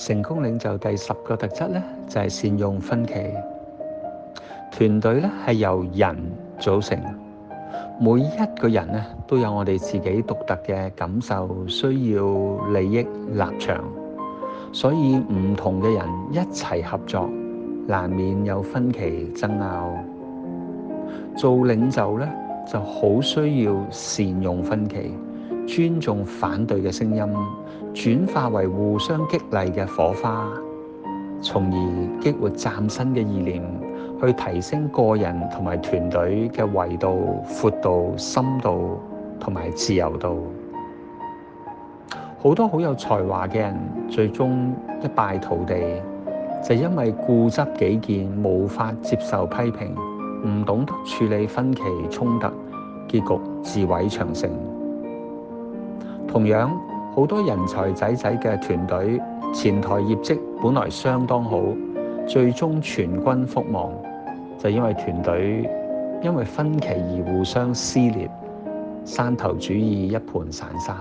成功領袖第十個特質咧，就係善用分歧。團隊咧係由人組成，每一個人咧都有我哋自己獨特嘅感受、需要、利益、立場，所以唔同嘅人一齊合作，難免有分歧爭拗。做領袖咧就好需要善用分歧。尊重反對嘅聲音，轉化為互相激勵嘅火花，從而激活嶄新嘅意念，去提升個人同埋團隊嘅維度、闊度、深度同埋自由度。好多好有才華嘅人最終一敗塗地，就因為固執己見，無法接受批評，唔懂得處理分歧衝突，結局自毀長城。同樣好多人才濟濟嘅團隊，前台業績本來相當好，最終全軍覆亡，就因為團隊因為分歧而互相撕裂，山頭主義一盤散沙。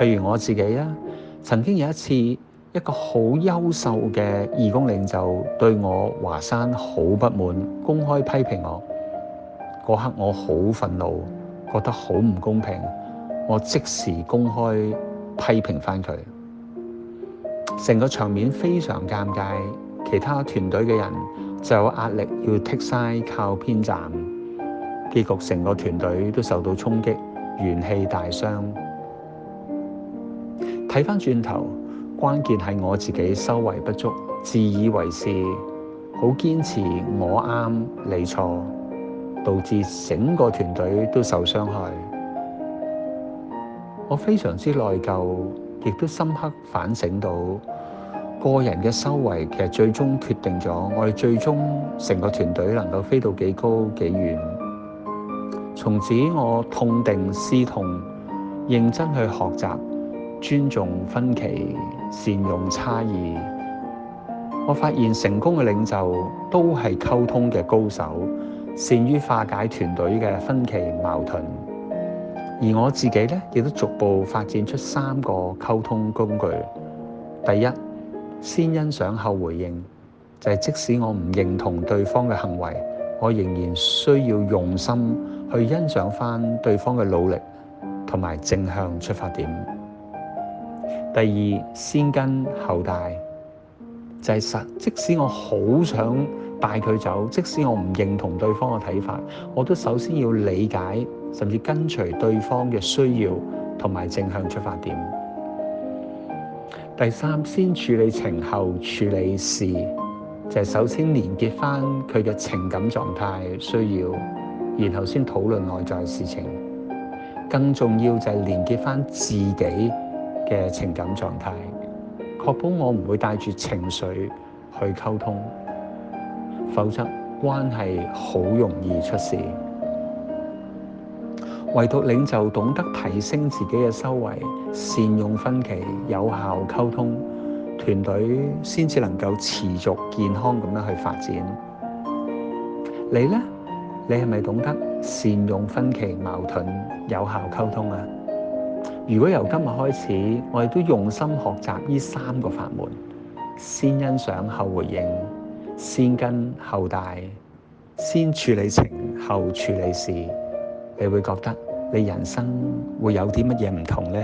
譬如我自己啊，曾經有一次，一個好優秀嘅義工領袖對我華山好不滿，公開批評我。嗰刻我好憤怒，覺得好唔公平。我即時公開批評返佢，成個場面非常尷尬。其他團隊嘅人就有壓力要 take side 靠邊站，結局成個團隊都受到衝擊，元氣大傷。睇返轉頭，關鍵係我自己修為不足，自以為是，好堅持我啱你錯，導致整個團隊都受傷害。我非常之內疚，亦都深刻反省到個人嘅修為，其實最終決定咗我哋最終成個團隊能夠飛到幾高幾遠。從此我痛定思痛，認真去學習，尊重分歧，善用差異。我發現成功嘅領袖都係溝通嘅高手，善於化解團隊嘅分歧矛盾。而我自己呢，亦都逐步發展出三個溝通工具。第一，先欣賞後回應，就係、是、即使我唔認同對方嘅行為，我仍然需要用心去欣賞返對方嘅努力同埋正向出發點。第二，先跟後帶，就係、是、實即使我好想，帶佢走，即使我唔認同對方嘅睇法，我都首先要理解，甚至跟隨對方嘅需要同埋正向出發點。第三，先處理情後處理事，就係首先連結翻佢嘅情感狀態需要，然後先討論內在事情。更重要就係連結翻自己嘅情感狀態，確保我唔會帶住情緒去溝通。否則，關係好容易出事。唯獨領袖懂得提升自己嘅修為，善用分歧，有效溝通，團隊先至能夠持續健康咁樣去發展。你呢？你係咪懂得善用分歧、矛盾、有效溝通啊？如果由今日開始，我哋都用心學習呢三個法門，先欣賞後回應。先跟後大，先處理情，後處理事，你會覺得你人生會有啲乜嘢唔同呢？